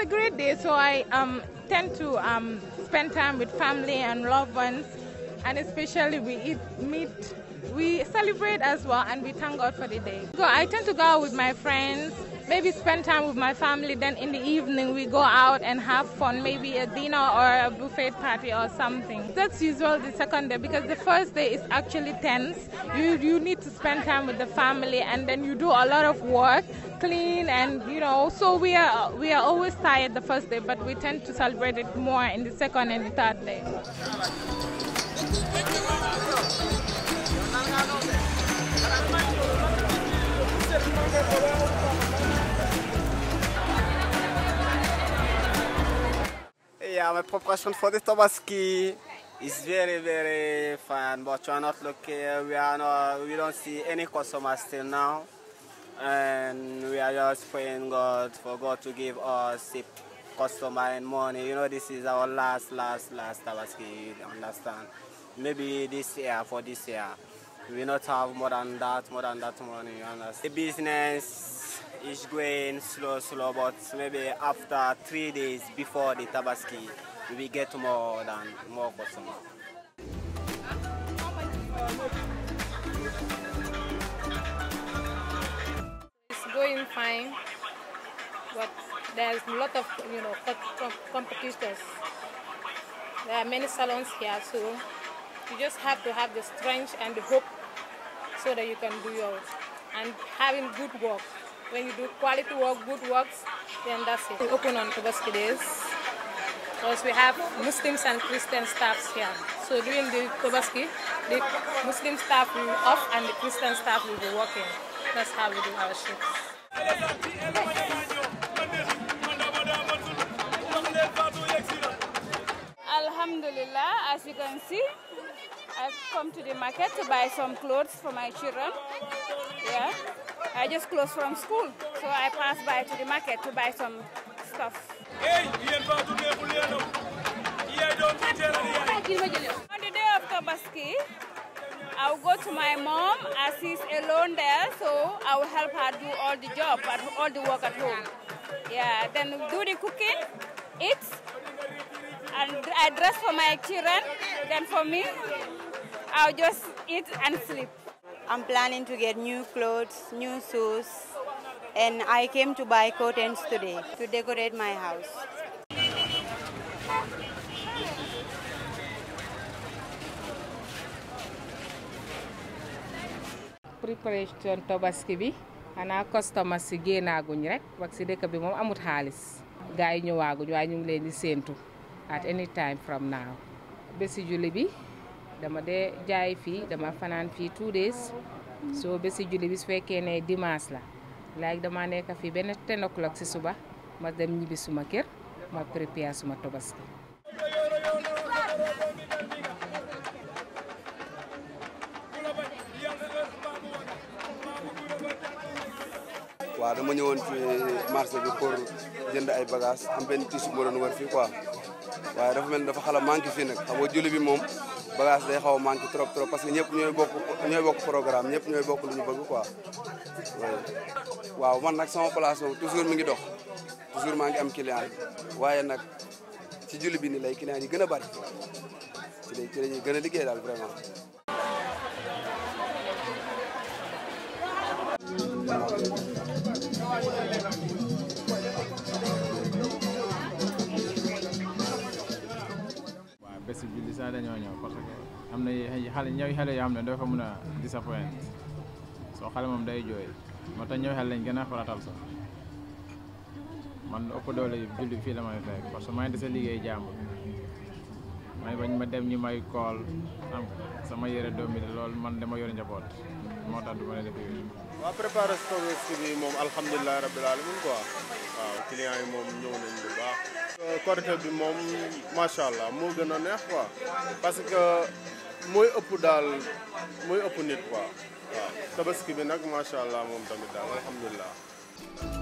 a great day, so I um, tend to um, spend time with family and loved ones, and especially we eat meat we celebrate as well and we thank God for the day. So I tend to go out with my friends, maybe spend time with my family, then in the evening we go out and have fun, maybe a dinner or a buffet party or something. That's usual the second day because the first day is actually tense. You you need to spend time with the family and then you do a lot of work, clean and you know, so we are we are always tired the first day, but we tend to celebrate it more in the second and the third day. Yeah, my preparation for the Tobaski is very, very fun, but we are not lucky. we are not, we don't see any customers till now. And we are just praying God for God to give us a customer and money. You know, this is our last, last, last Tabaski, you understand? Maybe this year, for this year we not have more than that, more than that money, you understand? The business is going slow, slow, but maybe after three days before the Tabaski, we get more than more customers. It's going fine, but there's a lot of you know competitions. There are many salons here, so you just have to have the strength and the hope so that you can do your and having good work. When you do quality work, good works, then that's it. We open on Tobaski days because we have Muslims and Christian staffs here. So during the Tobaski, the Muslim staff will be off and the Christian staff will be working. That's how we do our shifts. Alhamdulillah, as you can see, I've come to the market to buy some clothes for my children. Yeah, I just closed from school, so I passed by to the market to buy some stuff. On the day of Tabaski, I'll go to my mom as she's alone there, so I will help her do all the job, all the work at home. Yeah, then do the cooking, eat, and I dress for my children, then for me, I'll just eat and sleep. I'm planning to get new clothes, new shoes, and I came to buy curtains today to decorate my house. préparation tabaski bi xanaa customers si génnaaguñ rek wax si dëkk bi moom amut xaalis gars yi ñëwaaguñ waaye ñu ngi at any time from now bési julli dama de jaay fi, dama fanaan fi two days so besi julli bi su fekkee ne dimanche la léegi dama nekk fii benn ten o'clock si suba ma dem ñibbi suma kër ma suma tobaski waaw dama ñëwoon fi marché bi pour jënd ay bagage am benn tissu doon wër quoi waaye dafa mel ni dafa xala a manqué fii nag xam nga julli bi moom bagage day xaw a manqué trop trop parce que ñëpp ñooy bokk ñooy bokk programme ñëpp ñooy bokk lu ñu bëgg quoi waaw man nag sama place moom toujours mi ngi dox toujours maa ngi am client waaye nag si julli bi ni lay client ñi gën a bari ci lay ci la ñuy gën a liggéey daal vraiment festive bi li sax dañoo parce que am na ay xale ñëw xale yoo xam ne doo fa mën a disappoint soo xale moom day jooy moo tax ñëw xale lañ gën a faratal sax man ëpp doole julli fii la may fekk parce que maa ngi des liggéey jàmbur may bañ ma dem ñi may kool am sama yére doom bi loolu man ma yor njaboot. moo tax du ma def yooyu. waaw préparation bi moom alhamdulilah rabbil alamin quoi waaw client yi moom ñëw nañ bu baax. bi moom macha allah moo gën a neex ko parce que mooy ëpp daal mooy ëpp nit quoi waaw tabaski bi nag macha allah moom tamit daal alhamdulilah.